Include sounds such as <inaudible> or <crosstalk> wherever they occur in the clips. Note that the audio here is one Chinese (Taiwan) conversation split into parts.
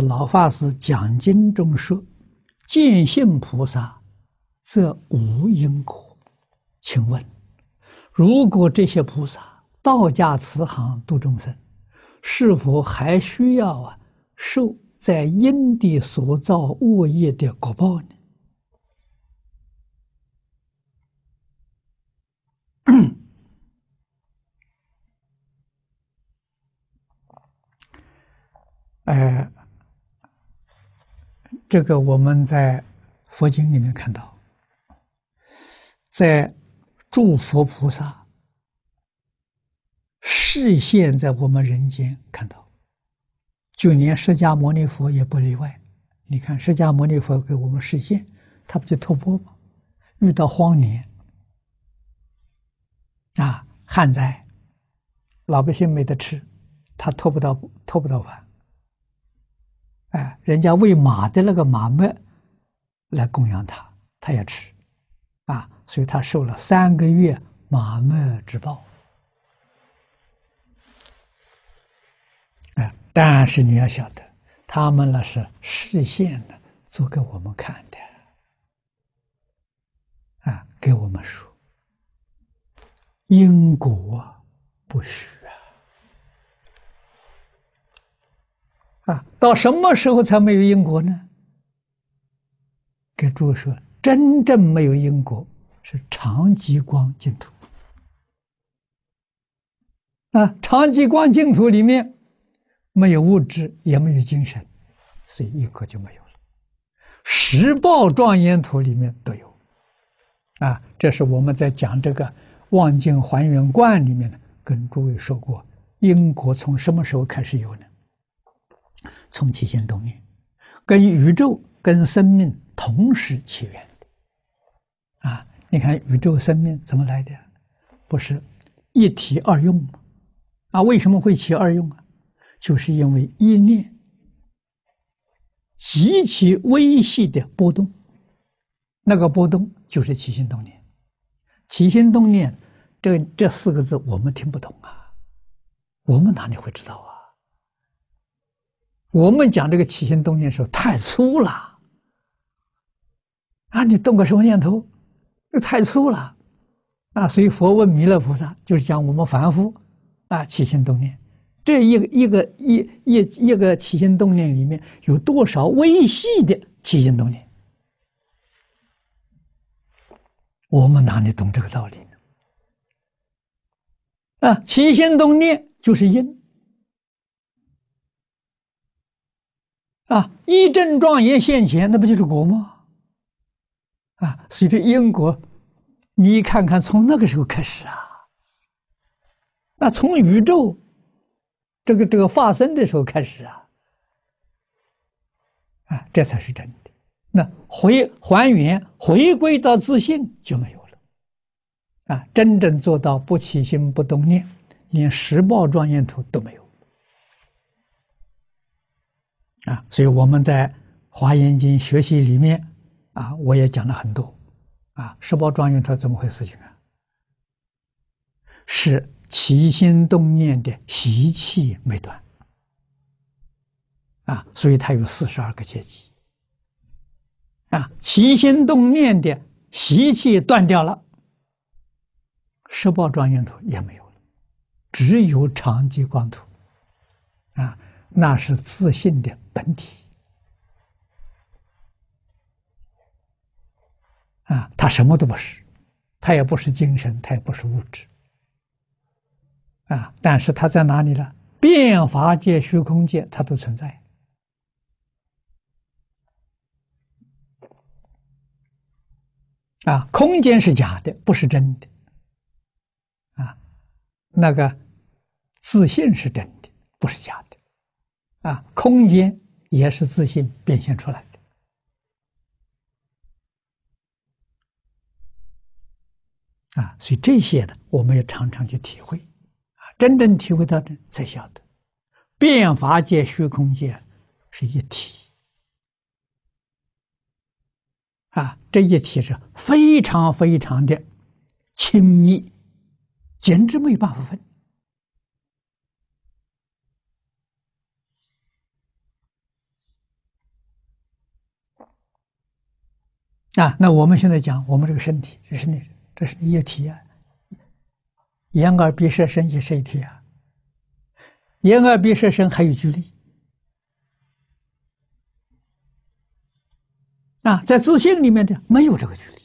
老法師講經中說：“見性菩薩則無因果。”請問，如果這些菩薩倒駕慈航度眾生，是否還需要啊受在因地所造惡業的果報呢？哎。 <coughs> 呃這個我們在佛經裡面看到，在諸佛菩薩示現在我們人間看到，就連釋迦牟尼佛也不例外。你看，釋迦牟尼佛給我們示現，他不就托缽嗎？遇到荒年啊，旱災，老百姓沒得吃，他托不到，托不到飯。哎，人家餵馬的那個馬麥來供養他，他也吃，啊，所以他受了三個月馬麥之報，啊。但是你要曉得，他們那是示現的，做給我們看的，啊，給我們說因果不虛。啊，到什麼時候才沒有因果呢？給諸位說，真正沒有因果是常寂光淨土。啊，常寂光淨土裡面沒有物質，也沒有精神，所以因果就沒有了。實報莊嚴土裡面都有。啊，這是我們在講這個妄盡還原觀裡面的，跟諸位說過，因果從什麼時候開始有呢？從起心動念，跟宇宙、跟生命同時起源啊！你看宇宙、生命怎麼來的？不是一體二用嗎？啊，為什麼會起二用啊？就是因為一念極其微細的波動，那個波動就是起心動念。起心動念這這四個字，我們聽不懂啊，我們哪裡會知道啊？我們講這個起心動念的時候太粗了啊！你動個什麼念頭，又太粗了啊！所以佛問彌勒菩薩，就是講我們凡夫啊，起心動念，這一個一個一一一個，一個起心動念裡面有多少微細的起心動念？我們哪裡懂這個道理呢？啊，起心動念就是因。啊，依正莊嚴現前，那不就是果嗎？啊，所以這因果，你看看從那個時候開始啊，那從宇宙這個這個發生的時候開始啊，啊，這才是真的。那回還原回歸到自性就沒有了，啊，真正做到不起心不動念，連實報莊嚴土都沒有。啊，所以我們在《華嚴經》學習裡面，啊，我也講了很多。啊，實報莊嚴土怎麼回事情啊？是起心動念的習氣沒斷，啊，所以它有四十二個階級。啊，起心動念的習氣斷掉了，實報莊嚴土也沒有了，只有常寂光土，啊。那是自性的本體啊，它什麼都不是，它也不是精神，它也不是物質啊。但是它在哪裡呢？遍法界、虛空界，它都存在啊。空間是假的，不是真的啊。那個自性是真的，不是假的。啊，空間也是自性變現出來的。啊，所以這些的，我們也常常去體會，啊，真正體會到這才曉得，遍法界、虛空界是一體。啊，這一體是非常非常的親密，簡直沒有辦法分。啊，那我們現在講，我們這個身體，身體這是你這是液體啊，眼耳鼻舌身也是一體啊，眼耳鼻舌身還有距離。啊，在自性裡面的沒有這個距離。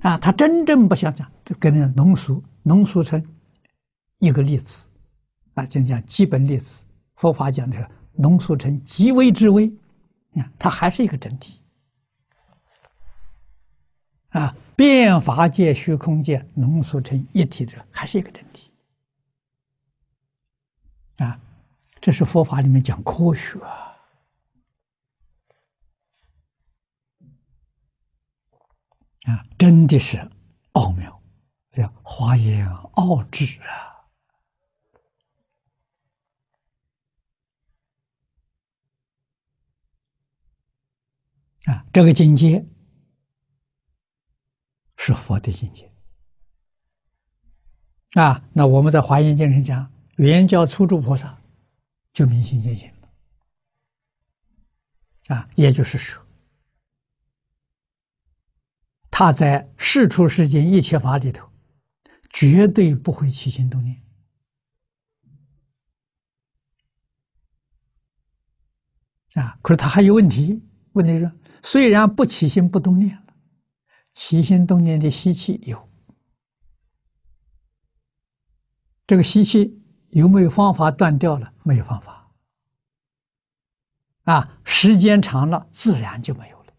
啊，他真正不想講，就跟那濃縮、濃縮成一個粒子，啊，就講基本粒子，佛法講的是。濃縮成極微之微，啊，它還是一個整體啊！變法界、虛空界濃縮成一體的，還是一個整體啊！這是佛法裡面講科學啊，啊，真的是奧妙，叫“華嚴奧旨”啊。啊，這個境界是佛的境界啊。那我們在華嚴經上講，圓教初住菩薩就明心見性了啊，也就是說，他在世出世間一切法裡頭，絕對不會起心動念啊。可是他還有問題，問題是？雖然不起心不動念了，起心動念的習氣有。這個習氣有沒有方法斷掉了？沒有方法。啊，時間長了，自然就沒有了。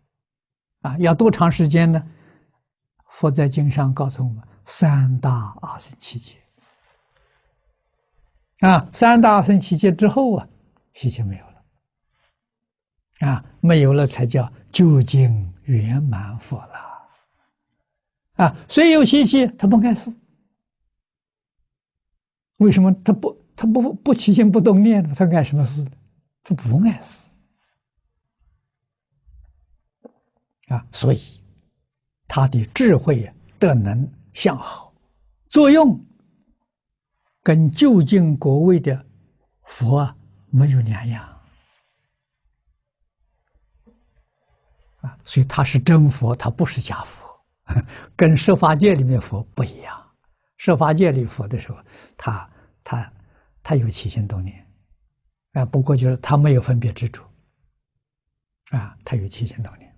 啊，要多長時間呢？佛在經上告訴我們：三大阿僧祇劫。啊，三大阿僧祇劫之後啊，習氣沒有。啊，沒有了才叫究竟圓滿佛了。啊，雖有信心，他不礙事。為什麼他不他不不起心不動念呢？他幹什麼事？他不礙事。啊，所以他的智慧德能相好作用，跟究竟果位的佛啊沒有兩樣。啊，所以他是真佛，他不是假佛，跟十法界裡面佛不一樣。十法界裡佛的時候，他他他有起心動念，啊，不過就是他沒有分別執著。啊，他有起心動念。